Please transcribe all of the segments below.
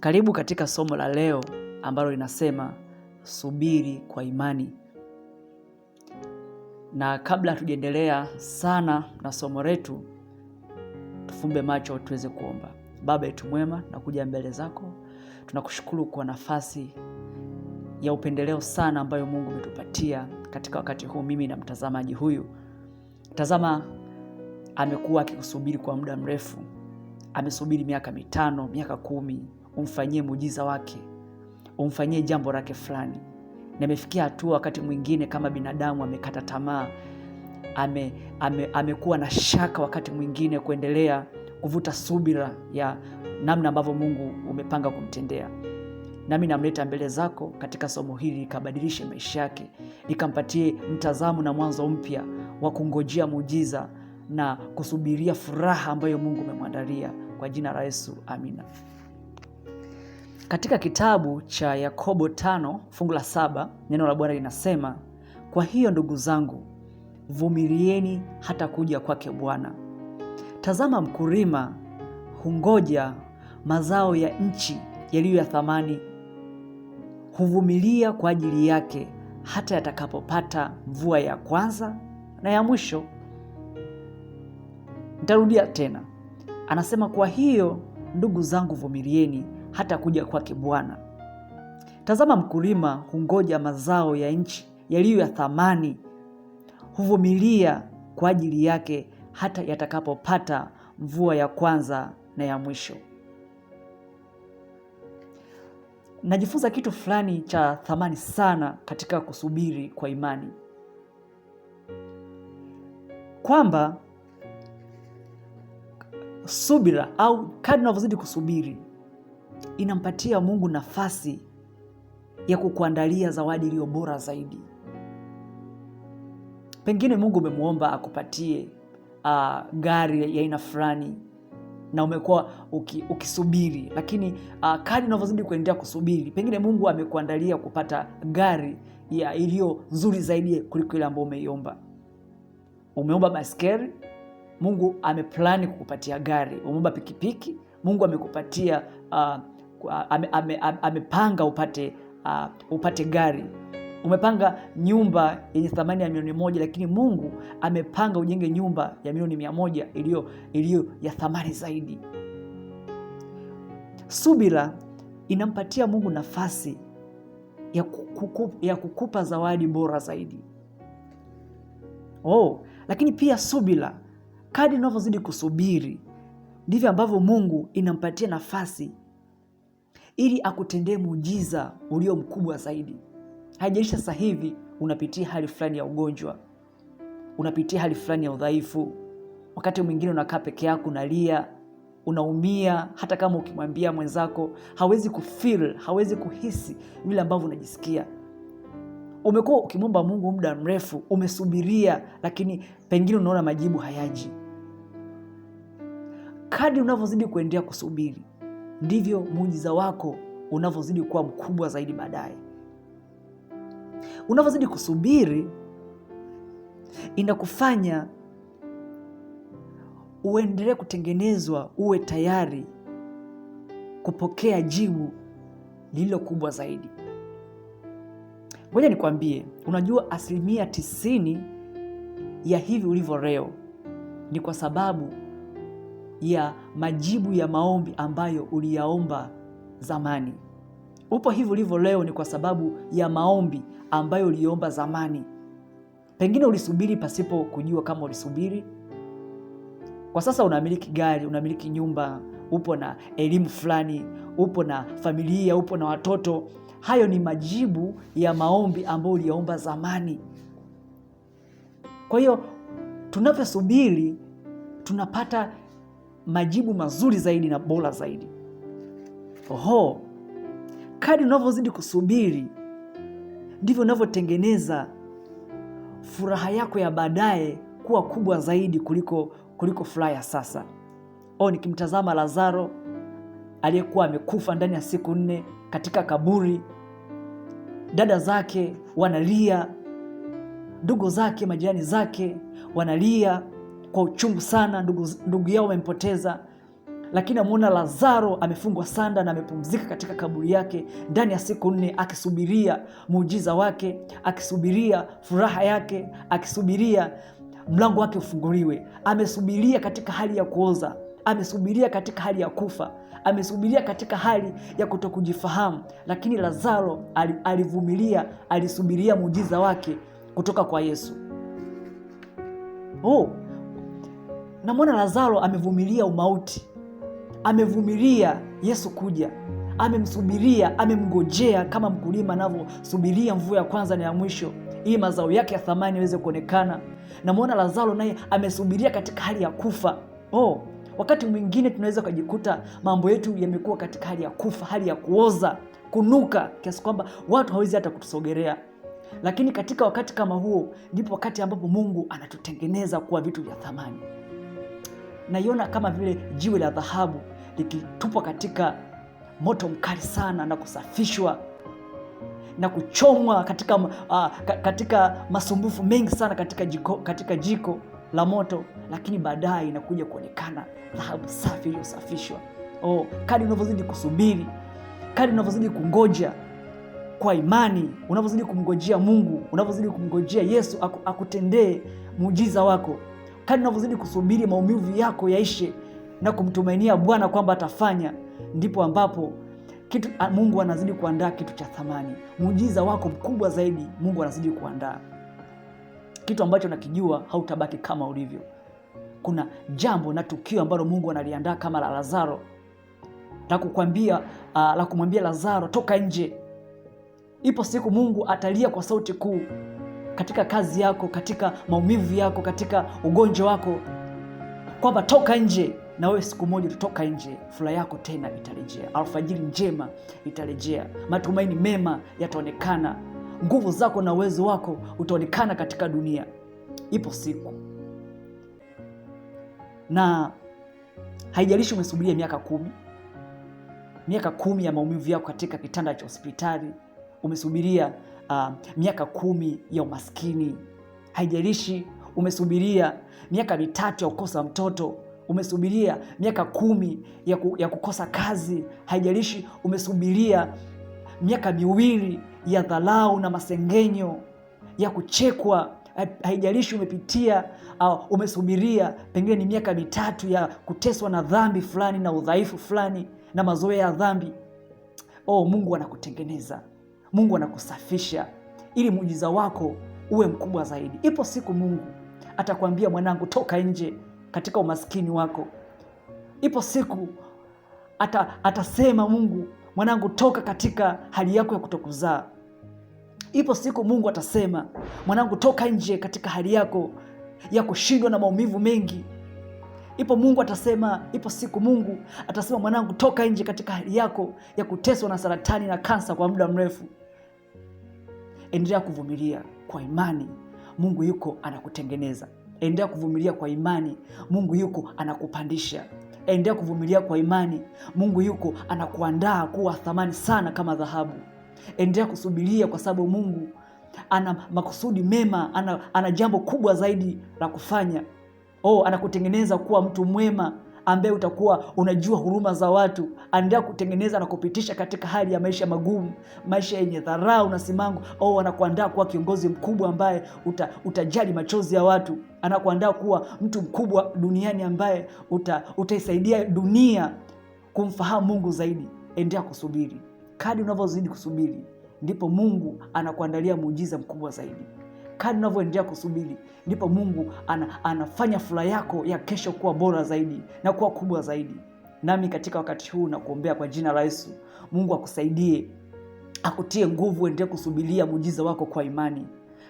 Karibu katika somo la leo ambalo linasema subiri kwa imani. Na kabla hatujaendelea sana na somo letu, tufumbe macho tuweze kuomba. Baba yetu mwema, nakuja mbele zako, tunakushukuru kwa nafasi ya upendeleo sana ambayo Mungu umetupatia katika wakati huu, mimi na mtazamaji huyu. Tazama, amekuwa akikusubiri kwa muda mrefu, amesubiri miaka mitano, miaka kumi, umfanyie muujiza wake, umfanyie jambo lake fulani Nimefikia hatua wakati mwingine kama binadamu amekata tamaa, ame, ame, amekuwa na shaka wakati mwingine kuendelea kuvuta subira ya namna ambavyo Mungu umepanga kumtendea. Nami namleta mbele zako katika somo hili likabadilishe maisha yake, likampatie mtazamo na mwanzo mpya wa kungojea muujiza na kusubiria furaha ambayo Mungu umemwandalia. Kwa jina la Yesu, amina. Katika kitabu cha Yakobo tano fungu la saba neno la Bwana linasema, kwa hiyo ndugu zangu, vumilieni hata kuja kwake Bwana. Tazama, mkulima hungoja mazao ya nchi yaliyo ya thamani, huvumilia kwa ajili yake hata yatakapopata mvua ya kwanza na ya mwisho. Nitarudia tena, anasema kwa hiyo ndugu zangu, vumilieni hata kuja kwake Bwana. Tazama, mkulima hungoja mazao ya nchi yaliyo ya thamani, huvumilia kwa ajili yake hata yatakapopata mvua ya kwanza na ya mwisho. Najifunza kitu fulani cha thamani sana katika kusubiri kwa imani, kwamba subira au kadri unavyozidi kusubiri inampatia Mungu nafasi ya kukuandalia zawadi iliyo bora zaidi. Pengine Mungu umemwomba akupatie uh, gari ya aina fulani na umekuwa uki, ukisubiri, lakini uh, ah, kadi unavyozidi kuendelea kusubiri, pengine Mungu amekuandalia kupata gari ya iliyo nzuri zaidi kuliko ile ambayo umeiomba. Umeomba baskeri Mungu ameplani kukupatia gari. Umeomba pikipiki, Mungu amekupatia uh, ame, ame, amepanga upate, uh, upate gari umepanga nyumba yenye thamani ya milioni moja lakini Mungu amepanga ujenge nyumba ya milioni mia moja iliyo iliyo ya thamani zaidi. Subira inampatia Mungu nafasi ya, kuku, ya kukupa zawadi bora zaidi. Oh, lakini pia subira, kadi unavyozidi kusubiri ndivyo ambavyo Mungu inampatia nafasi ili akutendee muujiza ulio mkubwa zaidi. Haijalishi sasa hivi unapitia hali fulani ya ugonjwa, unapitia hali fulani ya udhaifu, wakati mwingine unakaa peke yako, unalia, unaumia. Hata kama ukimwambia mwenzako, hawezi kufeel, hawezi kuhisi vile ambavyo unajisikia. Umekuwa ukimwomba Mungu muda mrefu, umesubiria, lakini pengine unaona majibu hayaji. Kadri unavyozidi kuendelea kusubiri ndivyo muujiza wako unavyozidi kuwa mkubwa zaidi baadaye. Unavyozidi kusubiri, inakufanya uendelee kutengenezwa, uwe tayari kupokea jibu lililo kubwa zaidi. Ngoja nikwambie, unajua asilimia tisini ya hivi ulivyo leo ni kwa sababu ya majibu ya maombi ambayo uliyaomba zamani. Upo hivi ulivyo leo ni kwa sababu ya maombi ambayo uliomba zamani. Pengine ulisubiri pasipo kujua kama ulisubiri. Kwa sasa unamiliki gari, unamiliki nyumba, upo na elimu fulani, upo na familia, upo na watoto. Hayo ni majibu ya maombi ambayo uliyaomba zamani. Kwa hiyo tunavyosubiri tunapata majibu mazuri zaidi na bora zaidi. Oho, kadi unavyozidi kusubiri ndivyo unavyotengeneza furaha yako ya baadaye kuwa kubwa zaidi kuliko, kuliko furaha ya sasa. O, nikimtazama Lazaro aliyekuwa amekufa ndani ya siku nne katika kaburi, dada zake wanalia, ndugu zake, majirani zake wanalia, kwa uchungu sana, ndugu, ndugu yao wamempoteza. Lakini amuona Lazaro amefungwa sanda na amepumzika katika kaburi yake ndani ya siku nne, akisubiria muujiza wake, akisubiria furaha yake, akisubiria mlango wake ufunguliwe. Amesubiria katika hali ya kuoza, amesubiria katika hali ya kufa, amesubiria katika hali ya kutokujifahamu. Lakini Lazaro alivumilia, alisubiria muujiza wake kutoka kwa Yesu. Oh, Namwona Lazaro amevumilia umauti, amevumilia Yesu kuja, amemsubiria, amemngojea kama mkulima anavyosubiria mvua ya kwanza na ya mwisho ili mazao yake ya thamani yaweze kuonekana. Namwona Lazaro naye amesubiria katika hali ya kufa. Oh, wakati mwingine tunaweza ukajikuta mambo yetu yamekuwa katika hali ya kufa, hali ya kuoza, kunuka, kiasi kwamba watu hawezi hata kutusogerea Lakini katika wakati kama huo ndipo wakati ambapo Mungu anatutengeneza kuwa vitu vya thamani naiona kama vile jiwe la dhahabu likitupwa katika moto mkali sana na kusafishwa na kuchomwa katika, uh, katika masumbufu mengi sana katika jiko, katika jiko la moto, lakini baadaye inakuja kuonekana dhahabu safi iliyosafishwa. Oh, kadi unavyozidi kusubiri, kadi unavyozidi kungoja kwa imani, unavyozidi kumngojea Mungu, unavyozidi kumngojea Yesu akutendee muujiza wako Kadri unavyozidi kusubiri maumivu yako yaishe na kumtumainia Bwana kwamba atafanya, ndipo ambapo kitu Mungu anazidi kuandaa kitu cha thamani, muujiza wako mkubwa zaidi. Mungu anazidi kuandaa kitu ambacho nakijua, hautabaki kama ulivyo. Kuna jambo na tukio ambalo Mungu analiandaa kama la Lazaro la kukwambia, uh, la kumwambia Lazaro toka nje. Ipo siku Mungu atalia kwa sauti kuu katika kazi yako, katika maumivu yako, katika ugonjwa wako, kwamba toka nje na wewe siku moja utatoka nje, furaha yako tena itarejea, alfajiri njema itarejea, matumaini mema yataonekana, nguvu zako na uwezo wako utaonekana katika dunia. Ipo siku, na haijalishi umesubiria miaka kumi, miaka kumi ya maumivu yako katika kitanda cha hospitali, umesubiria uh, miaka kumi ya umaskini. Haijalishi umesubiria miaka mitatu ya kukosa mtoto, umesubiria miaka kumi ya, ku, ya kukosa kazi. Haijalishi umesubiria miaka miwili ya dharau na masengenyo ya kuchekwa haijalishi umepitia au ah, umesubiria pengine ni miaka mitatu ya kuteswa na dhambi fulani na udhaifu fulani na mazoea ya dhambi. Oh, Mungu anakutengeneza. Mungu anakusafisha ili muujiza wako uwe mkubwa zaidi. Ipo siku Mungu atakwambia, mwanangu, toka nje katika umaskini wako. Ipo siku ata, atasema Mungu, mwanangu, toka katika hali yako ya kutokuzaa. Ipo siku Mungu atasema, mwanangu, toka nje katika hali yako ya kushindwa na maumivu mengi. Ipo Mungu atasema, ipo siku Mungu atasema, mwanangu, toka nje katika hali yako ya kuteswa na saratani na kansa kwa muda mrefu. Endelea kuvumilia kwa imani, Mungu yuko anakutengeneza. Endelea kuvumilia kwa imani, Mungu yuko anakupandisha. Endelea kuvumilia kwa imani, Mungu yuko anakuandaa kuwa thamani sana kama dhahabu. Endelea kusubiria kwa sababu Mungu ana makusudi mema, ana, ana jambo kubwa zaidi la kufanya. Oh, anakutengeneza kuwa mtu mwema ambaye utakuwa unajua huruma za watu, anaendelea kutengeneza na kupitisha katika hali ya maisha magumu, maisha yenye dharau na simango. Au oh, anakuandaa kuwa kiongozi mkubwa ambaye uta, utajali machozi ya watu. Anakuandaa kuwa mtu mkubwa duniani ambaye uta, utaisaidia dunia kumfahamu Mungu zaidi. Endelea kusubiri. kadi unavyozidi kusubiri, ndipo Mungu anakuandalia muujiza mkubwa zaidi kadri unavyoendelea kusubiri, ndipo Mungu ana, anafanya furaha yako ya kesho kuwa bora zaidi na kuwa kubwa zaidi. Nami katika wakati huu nakuombea kwa jina la Yesu, Mungu akusaidie, akutie nguvu, endee kusubilia mujiza wako kwa imani.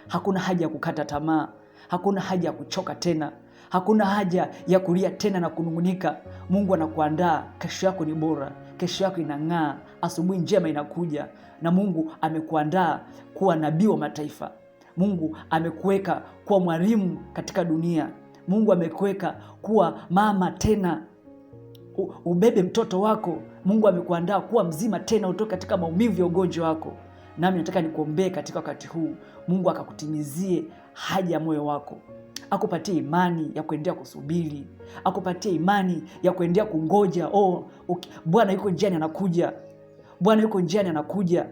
Hakuna haja ya kukata tamaa, hakuna haja ya kuchoka tena, hakuna haja ya kulia tena na kunungunika. Mungu anakuandaa, kesho yako ni bora, kesho yako inang'aa, asubuhi njema inakuja, na Mungu amekuandaa kuwa nabii wa mataifa. Mungu amekuweka kuwa mwalimu katika dunia. Mungu amekuweka kuwa mama tena ubebe mtoto wako. Mungu amekuandaa kuwa mzima tena utoke katika maumivu ya ugonjwa wako. Nami nataka nikuombee katika wakati huu, Mungu akakutimizie haja ya moyo wako, akupatie imani ya kuendelea kusubiri, akupatie imani ya kuendelea kungoja. Oh, okay. Bwana yuko njiani, anakuja. Bwana yuko njiani, anakuja,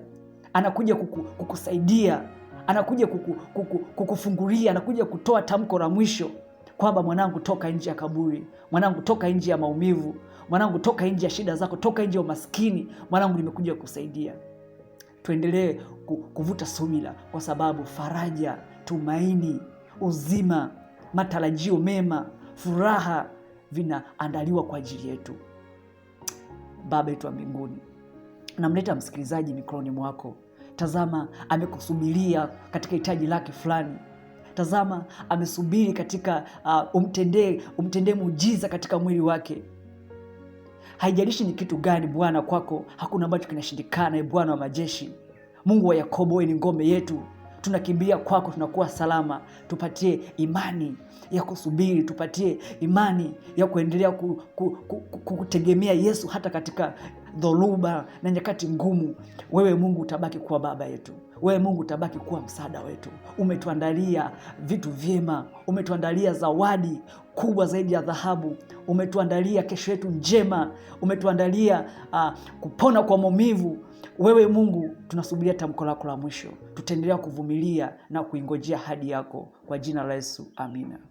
anakuja kuku, kukusaidia anakuja kuku, kuku, kukufungulia, anakuja kutoa tamko la mwisho kwamba mwanangu, toka nje ya kaburi, mwanangu, toka nje ya maumivu, mwanangu, toka nje ya shida zako, toka nje ya umaskini, mwanangu, nimekuja kukusaidia. Tuendelee kuvuta subira, kwa sababu faraja, tumaini, uzima, matarajio mema, furaha vinaandaliwa kwa ajili yetu. Baba yetu wa mbinguni, namleta msikilizaji mikononi mwako. Tazama, amekusubiria katika hitaji lake fulani. Tazama, amesubiri katika uh, umtendee umtendee muujiza katika mwili wake. Haijalishi ni kitu gani, Bwana, kwako hakuna ambacho kinashindikana. E Bwana wa majeshi, Mungu wa Yakobo, wewe ni ngome yetu, tunakimbilia kwako, tunakuwa salama. Tupatie imani ya kusubiri, tupatie imani ya kuendelea kutegemea Yesu hata katika dhoruba na nyakati ngumu, wewe Mungu utabaki kuwa baba yetu, wewe Mungu utabaki kuwa msaada wetu. Umetuandalia vitu vyema, umetuandalia zawadi kubwa zaidi ya dhahabu, umetuandalia kesho yetu njema, umetuandalia uh, kupona kwa maumivu. Wewe Mungu, tunasubiria tamko lako la mwisho. Tutaendelea kuvumilia na kuingojea hadi yako, kwa jina la Yesu, amina.